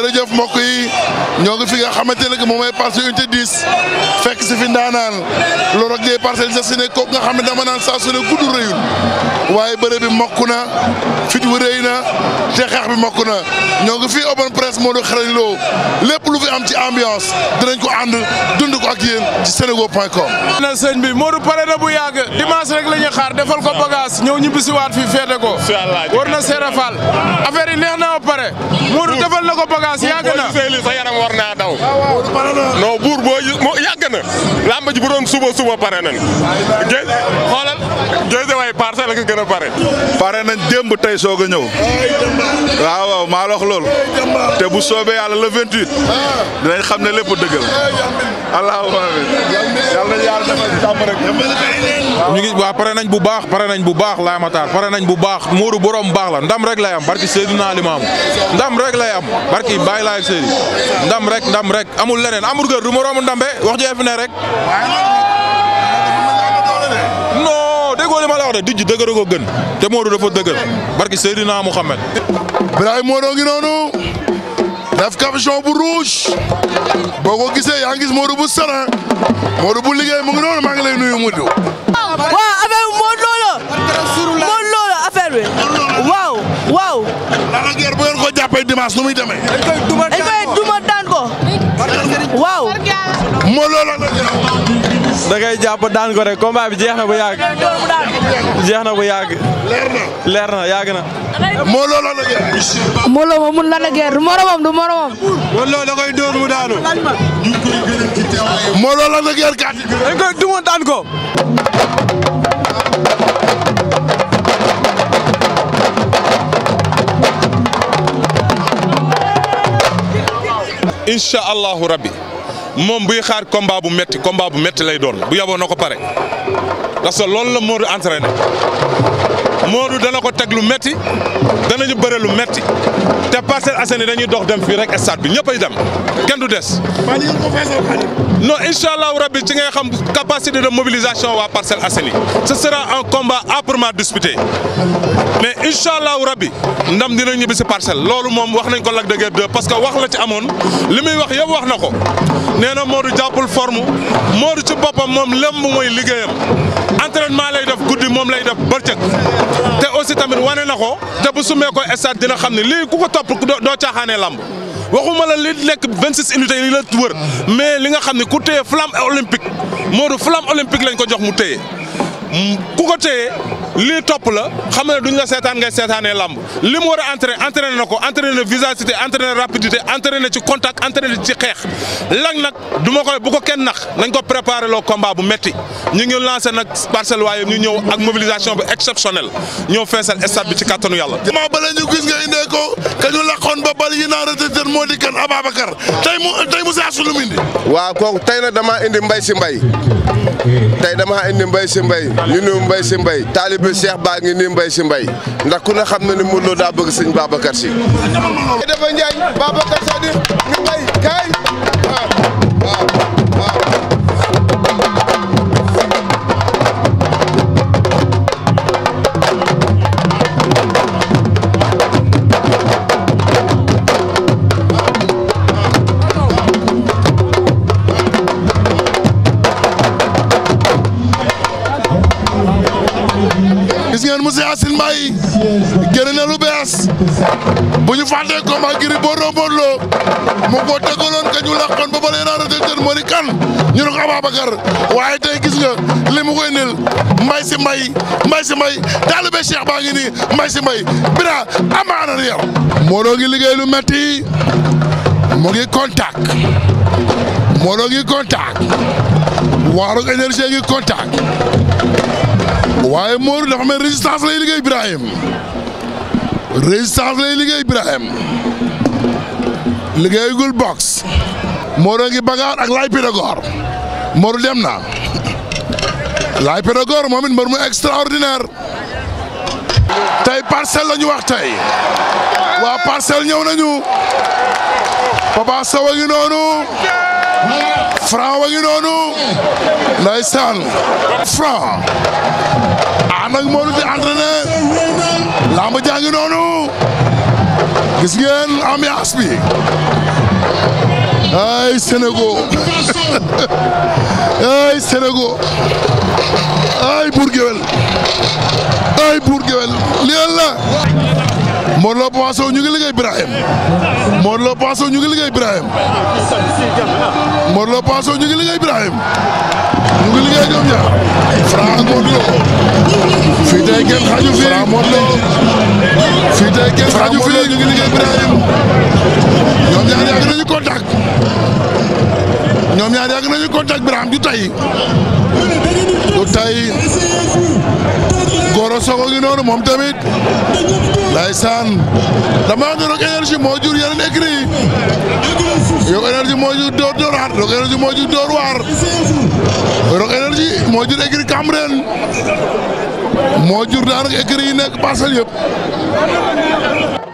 jërëjëf mbokk ñoo ngi fi nga xamante ne que moom mooy parcelle unité 10 fekk si fi ndaanaan loolu ak des parcelles assainies kooku nga xam ne dama naan saa su ne gudd rëyul waaye bëre bi mokk na fit wu rëy na te xeex bi mokk na ñoo ngi fi open presse moo du xarañ loo lépp lu fi am ci ambiance dinañ ko ànd dund ko ak yéen ci senego.com. na sëñ bi Modou pare na bu yàgg dimanche rek la ñuy xaar defal ko bagage ñëw ñibbisiwaat fii féete ko. war na seerafal affaire yi neex na ba pare. war naa daw non buur boo moo yàgg na làmb ji bu doon suba suba pare nañ gé xoolal géej waay parcelle ak gën pare pare nañ démb tey soog a ñëw waaw waaw maa la wax te bu soobee yàlla le 28 dinañ xam ne lépp dëggal allahumma amin yàlla na yàlla dafa jàmm ñu ngi waaw pare nañ bu baax pare nañ bu baax laa ma taal pare nañ bu baax Modou borom baax la ndam rek lay am barki Seydina Limaamu ndam rek lay am barki Baye Laye Seydi ndam rek ndam rek amul leneen amul gër du ma romb ndambe wax ji fi ne rek. non déggoo li ma la wax de dijj dëgër ko gën te Modou dafa dëgër barki Seydina Mouhamed. Ibrahima Modou ngi noonu def capuchon bu rouge boo ko gisee yaa ngi gis Modou bu serein Modou bu liggéey mu ngi noonu maa ngi lay nuyu Modou. waaw affaire bi Modou Lo la Modou Lo la affaire bi waaw waaw. Lac de Guiers bu ngeen ko jàppee dimanche nu muy demee. da ngay jàpp daan ko rek combat bi na bu yàgg. jeex na bu yàgg. leer na leer na Molo la la gerte. Molo ma mun la la gerte mu daanu. Molo la la gerte kat. dañ koy duma rabbi. moom buy xaar combat bu métti combat bu métti lay doon bu yaboo na ko pare parce que loolu la Modou entraîné Modou dana ko teg lu metti danañu bëre lu metti te Parcelles Assainies dañuy dox dem fii rek stade bi ñëppay dem kenn du des. no incha allahu rabbi ci ngay xam capacité de mobilisation waa Parcelles Assainies ce sera un combat âprement disputé mais incha allahu rabbi ndam dina ñibbi si parcelle loolu moom wax nañ ko Lac de Guiers 2 parce que wax la ci amoon li muy wax yëpp wax na ko nee na Modou jàppul forme Modou ci boppam moom lépp mooy liggéeyam entraînement moom lay def bëccëg te aussi tamit wane na ko te bu sumee ko stade dina xam ne lii ku ko topp doo caaxaanee lamb waxuma la li nekk 26 unités yi la wër mais li nga xam ne ku téye flamme olympique Modou flamme olympique lañ ko jox mu téye. ku ko téye lii topp la xam na duñ la seetaan ngay seetaanee lamb li mu war a entraîné entraîné na ko entraîné na vivacité entraîné rapidité entraîné ci contact entraîné ci xeex Lac nag du ma koy bu ko kenn nax nañ ko préparé loo combat bu métti ñu ngi lancé nag parcelle waaye ñu ñëw ak mobilisation bu exceptionnelle ñëw feesal stade bi ci kattanu yàlla. ma bala ñu gis nga indee ko ka ñu laqoon ba bal yi a retraité moo di kan Ababacar tey mu tey mu saa su lu mu indi. waaw kooku tey nag damaa indi mbay si mbay. tey damaa indi mbay si mbay ñu nuyu Mbaye si Mbaye taalibe Cheikh baa ngi nii Mbaye si Mbaye ndax ku ne xam na ni Modou Lo daa bëgg sëñ Babacar si dafa Ndiaye Babacar Sadi ñu Mbaye kaay Lamine Moussa Yacine Mbaye génn na lu bees bu ñu fàttee combat Gris Bordeaux Modou Lô mu ko tëggaloon ka ñu làqoon ba ba leen aar moo di kan ñu ne ko Ababacar waaye tey gis nga li mu koy nil Mbaye si Mbaye Mbaye si Mbaye taalibe Cheikh baa ngi nii Mbaye si Mbaye bira amaana na yow Modou ngi liggéey lu metti mu ngi contact Modou ngi contact waaru énergie ngi contact waaye Modou dafa mel résistance lay liggéey Ibrahim résistance lay liggéey Ibrahim liggéeyagul box Modou ngi bagaar ak Laye Pythagore Modou dem na Laye Pythagore mu extraordinaire tey parcelle la ñu wax tey waa parcelle ñëw nañu Papa Sow a ngi noonu. Franc wa ngi noonu ndeysaan Franc ànd ak Modou di entraîné làmb jaa ngi noonu gis ngeen ambiance bi ay Sénégal ay Sénégal ay Bour ay Bour Gueweul lii la Modou Lo Papa Sow ñu ngi liggéey Birahim Modou Lo Papa Sow ñu ngi liggéey Birahim Modou Lo Papa Sow ñu ngi liggéey Birahim ñu ngi liggéey ñoom ñaar Franc ak Modou Lo fii tey kenn xaju fii Modou Lo fii tey kenn xaju fii ñu ngi liggéey Birahim ñoom ñaar yàgg nañu contact ñoom ñaar yàgg nañu contact Birahim du tey du tey soog a ngi moom tamit ndeysaan damaa ngi rog énergie moo jur yeneen écrit yi rog énergie moo jur dóor waar rog énergie moo jur dóor waar rog énergie moo jur écrit Cambérène moo jur nekk parcelle yëpp